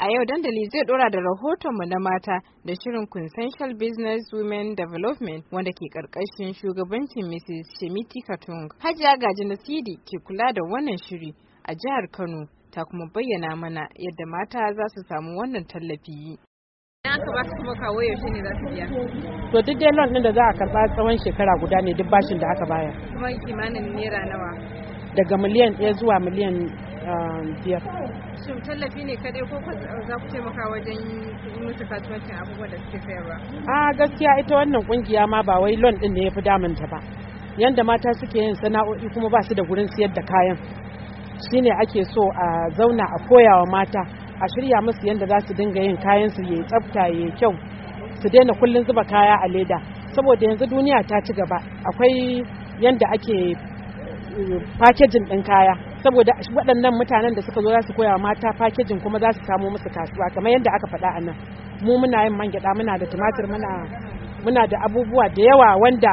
A yau dandali zai dora da rahotonmu na mata da shirin Consensual Business Women Development wanda ke karkashin shugabancin Mrs. Shemiti Katung. Hajiya Gaji Nasidi ke kula da wannan shiri a jihar Kano ta kuma bayyana mana yadda mata za su samu wannan tallafi. Idan aka ba su To duk dai da za a karɓa tsawon shekara guda ne duk bashin da aka baya. Kuma kimanin naira nawa? Daga miliyan ɗaya zuwa miliyan biyar. Shin tallafi ne kadai ko za ku taimaka wajen yi kasuwancin abubuwan da suke sayarwa? A gaskiya ita wannan kungiya ma ba wai lon din ne ya fi damunta ba. Yanda mata suke yin sana'o'i kuma ba su da gurin siyar da kayan. Shine ake so a zauna a koyawa mata a shirya musu yadda za su dinga yin kayan su yi tsafta ya kyau su daina kullun zuba kaya a leda saboda yanzu duniya ta ci gaba akwai yadda ake fakejin ɗin kaya saboda waɗannan mutanen da suka zo za su koya mata fakejin kuma za su samo musu kasuwa kamar yadda aka faɗa a nan mu muna yin man muna da tumatir muna da abubuwa da yawa wanda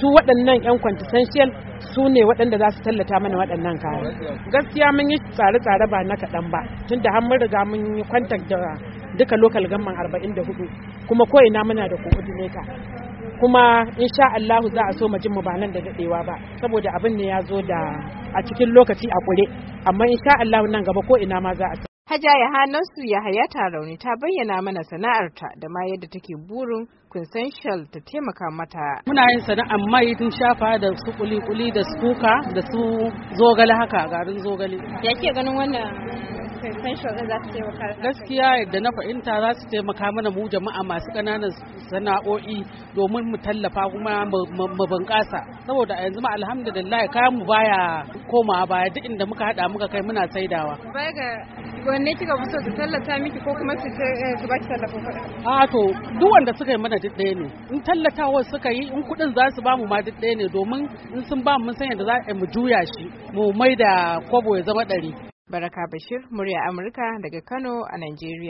su waɗannan 'yan quintessential su ne waɗanda za su tallata mana waɗannan kaya gaskiya mun yi tsare-tsare ba na kaɗan ba tun da mun riga mun yi kwantar da duka lokal gamman 44 kuma ko ina muna da coordinator kuma insha Allah za a so mu jin mu ba da dadewa ba saboda abin ne ya zo da a cikin lokaci a kure amma insha Allah nan gaba ko ina ma za a Hajaya Yahanasu Yahaya Rauni ta bayyana mana sana'arta da ma yadda take burin Quintessential ta taimaka mata. Muna yin sana'ar mai tun shafa da su kuli-kuli da su da su zogale haka garin zogale. Ya ke ganin wannan gaskiya yadda na fahimta za su taimaka mana mu jama'a masu ƙananan sana'o'i domin mu tallafa kuma mu bunƙasa saboda a yanzu ma alhamdulillah kayan mu baya komawa baya duk inda muka hada muka kai muna saidawa. Baya ga wanne kika fi so su tallata miki ko kuma su eh, ba ki tallafin kuɗi? A to duk wanda suka yi mana duk ɗaya ne. In tallatawa suka yi in kuɗin za su bamu ma duk ɗaya ne domin in sun ba mu san yadda za a mu juya shi mu mai da kwabo ya zama ɗari. Baraka Bashir, murya Amurka daga Kano a Najeriya.